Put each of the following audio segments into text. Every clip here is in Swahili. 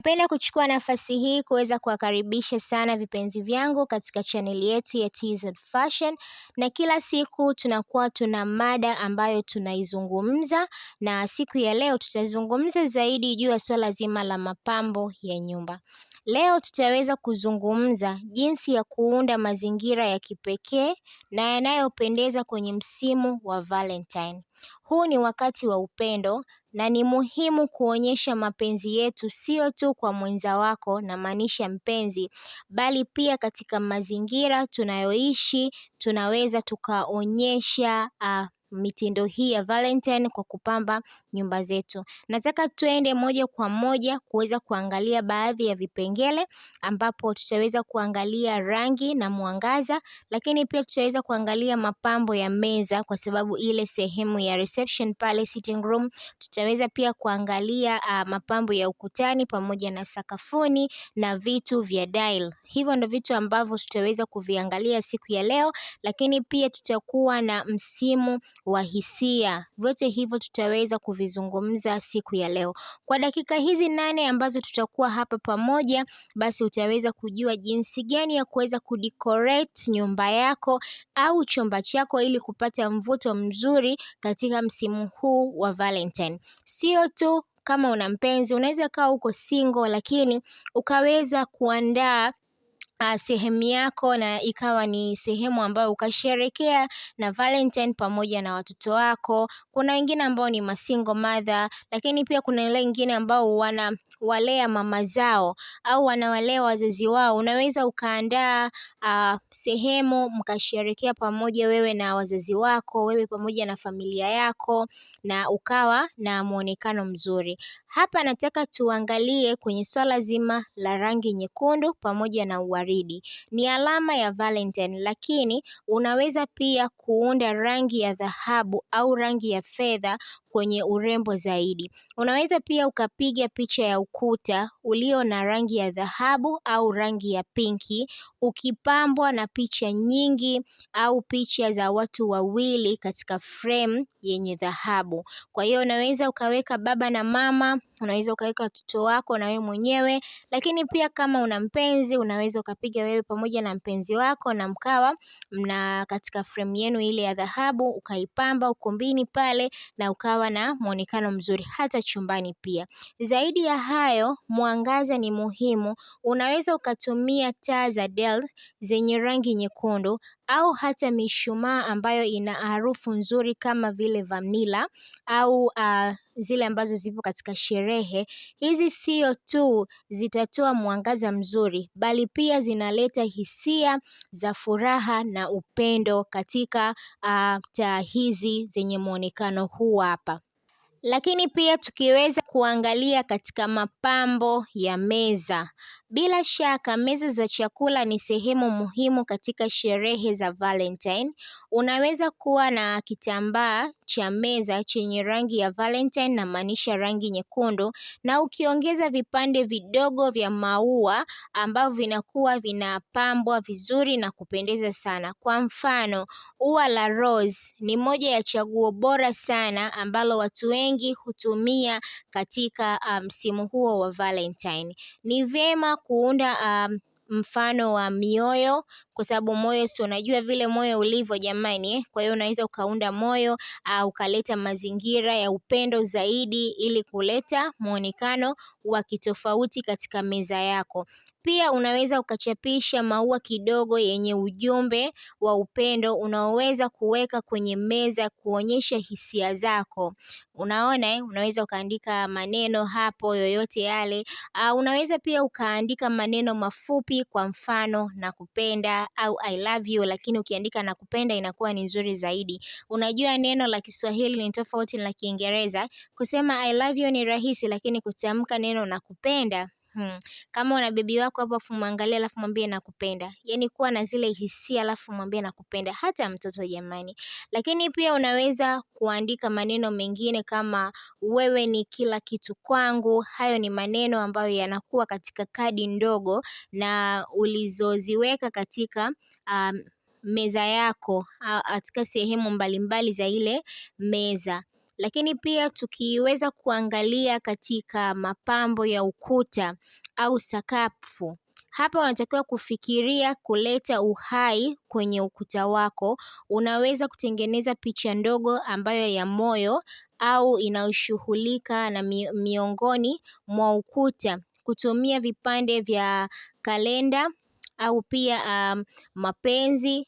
Napenda kuchukua nafasi hii kuweza kuwakaribisha sana vipenzi vyangu katika chaneli yetu ya TZ Fashion na kila siku tunakuwa tuna mada ambayo tunaizungumza na siku ya leo tutazungumza zaidi juu ya swala zima la mapambo ya nyumba. Leo tutaweza kuzungumza jinsi ya kuunda mazingira ya kipekee na yanayopendeza kwenye msimu wa Valentine. Huu ni wakati wa upendo na ni muhimu kuonyesha mapenzi yetu sio tu kwa mwenza wako namaanisha mpenzi bali pia katika mazingira tunayoishi tunaweza tukaonyesha. Ah, mitindo hii ya valentine kwa kupamba nyumba zetu. Nataka twende moja kwa moja kuweza kuangalia baadhi ya vipengele ambapo tutaweza kuangalia rangi na mwangaza, lakini pia tutaweza kuangalia mapambo ya meza kwa sababu ile sehemu ya reception pale sitting room, tutaweza pia kuangalia uh, mapambo ya ukutani pamoja na sakafuni na vitu vya dial. Hivyo ndo vitu ambavyo tutaweza kuviangalia siku ya leo, lakini pia tutakuwa na msimu wa hisia vyote hivyo tutaweza kuvizungumza siku ya leo. Kwa dakika hizi nane ambazo tutakuwa hapa pamoja, basi utaweza kujua jinsi gani ya kuweza kudecorate nyumba yako au chumba chako ili kupata mvuto mzuri katika msimu huu wa Valentine. Sio tu kama una mpenzi, unaweza kaa uko single, lakini ukaweza kuandaa Uh, sehemu yako na ikawa ni sehemu ambayo ukasherekea na valentine pamoja na watoto wako kuna wengine ambao ni masingo madha lakini pia kuna ile ingine ambao wana wanawalea mama zao au wanawalea wazazi wao unaweza ukaandaa ah, sehemu mkasherekea pamoja wewe na wazazi wako wewe pamoja na familia yako na ukawa na muonekano mzuri. Hapa nataka tuangalie kwenye swala zima la rangi nyekundu pamoja na uwaridi. Ni alama ya valentine lakini unaweza pia kuunda rangi ya dhahabu au rangi ya fedha kwenye urembo zaidi. Unaweza pia ukapiga picha ya ukuta ulio na rangi ya dhahabu au rangi ya pinki ukipambwa na picha nyingi au picha za watu wawili katika fremu yenye dhahabu. Kwa hiyo unaweza ukaweka baba na mama, unaweza ukaweka watoto wako na wewe mwenyewe, lakini pia kama una mpenzi unaweza ukapiga wewe pamoja na mpenzi wako na mkawa mna katika fremu yenu ile ya dhahabu ukaipamba ukumbini pale na ukawa na muonekano mzuri hata chumbani pia. Zaidi ya hayo, mwangaza ni muhimu. Unaweza ukatumia taa za dell zenye rangi nyekundu au hata mishumaa ambayo ina harufu nzuri kama vile vile vanilla au uh, zile ambazo zipo katika sherehe. Hizi sio tu zitatoa mwangaza mzuri bali pia zinaleta hisia za furaha na upendo katika uh, taa hizi zenye muonekano huu hapa. Lakini pia tukiweza kuangalia katika mapambo ya meza bila shaka meza za chakula ni sehemu muhimu katika sherehe za valentine unaweza kuwa na kitambaa cha meza chenye rangi ya valentine maanisha rangi nyekundu na ukiongeza vipande vidogo vya maua ambavyo vinakuwa vinapambwa vizuri na kupendeza sana kwa mfano ua la rose ni moja ya chaguo bora sana ambalo watu wengi hutumia katika ah, msimu huo wa valentine ni vyema kuunda um, mfano wa mioyo kwa sababu moyo si unajua vile moyo ulivyo jamani. Eh? Kwa hiyo unaweza ukaunda moyo uh, ukaleta mazingira ya upendo zaidi ili kuleta muonekano wa kitofauti katika meza yako. Pia unaweza ukachapisha maua kidogo yenye ujumbe wa upendo unaoweza kuweka kwenye meza kuonyesha hisia zako. Unaona eh, unaweza ukaandika maneno hapo yoyote yale. Ah, unaweza pia ukaandika maneno mafupi kwa mfano nakupenda au I love you lakini ukiandika nakupenda inakuwa ni nzuri zaidi. Unajua neno la Kiswahili ni tofauti na la Kiingereza. Kusema I love you ni rahisi lakini kutamka neno nakupenda. Hmm. Kama una bebi wako hapo afu mwangalie alafu mwambie nakupenda. Yaani kuwa na zile hisia alafu mwambie nakupenda hata mtoto jamani. Lakini pia unaweza kuandika maneno mengine kama wewe ni kila kitu kwangu. Hayo ni maneno ambayo yanakuwa katika kadi ndogo na ulizoziweka katika ah, meza yako ah, katika sehemu mbalimbali za ile meza. Lakini pia tukiweza kuangalia katika mapambo ya ukuta au sakafu, hapa unatakiwa kufikiria kuleta uhai kwenye ukuta wako. Unaweza kutengeneza picha ndogo ambayo ya moyo au inayoshughulika na miongoni mwa ukuta kutumia vipande vya kalenda au pia ah, mapenzi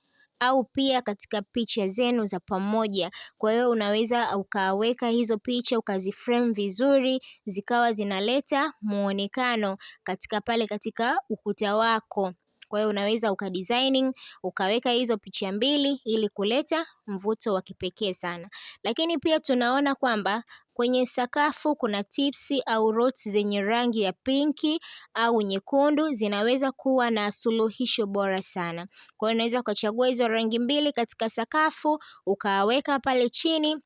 au pia katika picha zenu za pamoja. Kwa hiyo unaweza ukaweka hizo picha ukaziframe vizuri zikawa zinaleta muonekano katika pale katika ukuta wako. Kwa hiyo unaweza uka ukaweka hizo picha mbili ili kuleta mvuto wa kipekee sana. Lakini pia tunaona kwamba kwenye sakafu kuna tipsi au rots zenye rangi ya pinki au nyekundu zinaweza kuwa na suluhisho bora sana. Kwa hiyo unaweza ukachagua hizo rangi mbili katika sakafu ukaweka pale chini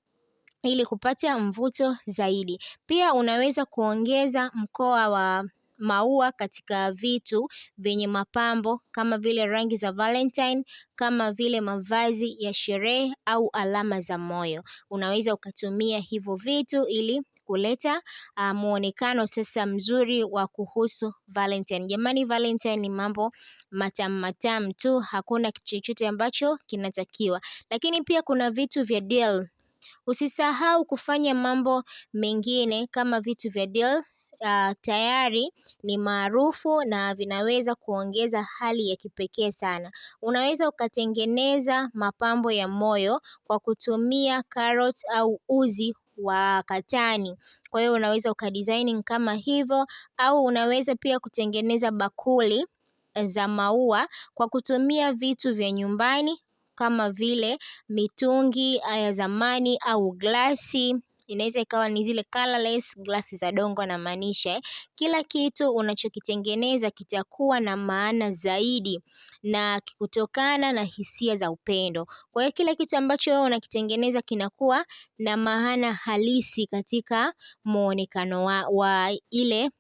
ili kupata mvuto zaidi. Pia unaweza kuongeza mkoa wa maua katika vitu vyenye mapambo kama vile rangi za valentine kama vile mavazi ya sherehe au alama za moyo. Unaweza ukatumia hivyo vitu ili kuleta ah, muonekano sasa mzuri wa kuhusu valentine. Jamani valentine ni mambo matamu matamu tu hakuna kitu chochote ambacho kinatakiwa. Lakini pia kuna vitu vya deal. Usisahau kufanya mambo mengine kama vitu vya deal tayari ni maarufu na vinaweza kuongeza hali ya kipekee sana. Unaweza ukatengeneza mapambo ya moyo kwa kutumia karoti au uzi wa katani. Kwa hiyo unaweza ukadesign kama hivyo au unaweza pia kutengeneza bakuli eh, za maua kwa kutumia vitu vya nyumbani kama vile mitungi eh, ya zamani au glasi inaweza ikawa ni zile colorless glasi za dongo anamaanisha eh. Kila kitu unachokitengeneza kitakuwa na maana zaidi na kutokana na hisia za upendo. Kwa hiyo kila kitu ambacho wewe unakitengeneza kinakuwa na maana halisi katika muonekano wa, wa ile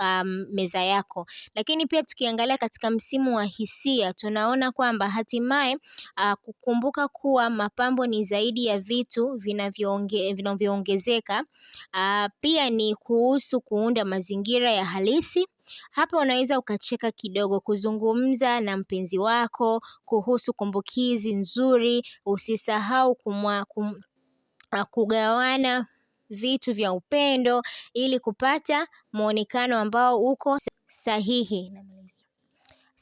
um, meza yako. Lakini pia tukiangalia katika msimu wa hisia tunaona kwamba hatimaye uh, kukumbuka kuwa mapambo ni zaidi ya vitu vinavyoongezeka onge, uh, pia ni kuhusu kuunda mazingira ya halisi hapa unaweza ukacheka kidogo, kuzungumza na mpenzi wako kuhusu kumbukizi nzuri. Usisahau kumwa, kum, uh, kugawana vitu vya upendo ili kupata muonekano ambao uko sahihi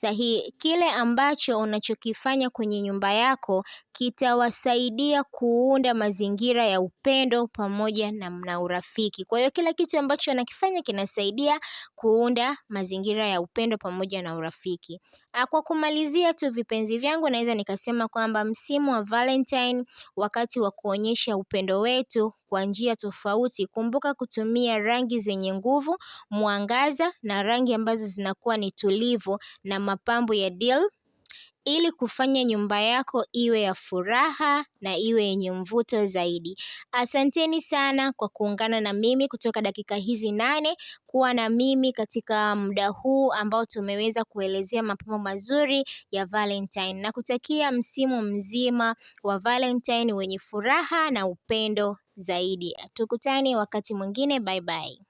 sahihi. Kile ambacho unachokifanya kwenye nyumba yako kitawasaidia kuunda mazingira ya upendo pamoja na, na urafiki. Kwa hiyo kila kitu ambacho unakifanya kinasaidia kuunda mazingira ya upendo pamoja na urafiki. Ah, kwa kumalizia tu, vipenzi vyangu, naweza nikasema kwamba msimu wa Valentine, wakati wa kuonyesha upendo wetu kwa njia tofauti. Kumbuka kutumia rangi zenye nguvu, mwangaza na rangi ambazo zinakuwa ni tulivu na mapambo ya deal ili kufanya nyumba yako iwe ya furaha na iwe yenye mvuto zaidi. Asanteni sana kwa kuungana na mimi kutoka dakika hizi nane kuwa na mimi katika muda huu ambao tumeweza kuelezea mapambo mazuri ya Valentine na kutakia msimu mzima wa Valentine wenye furaha na upendo zaidi. Tukutane wakati mwingine, bye bye.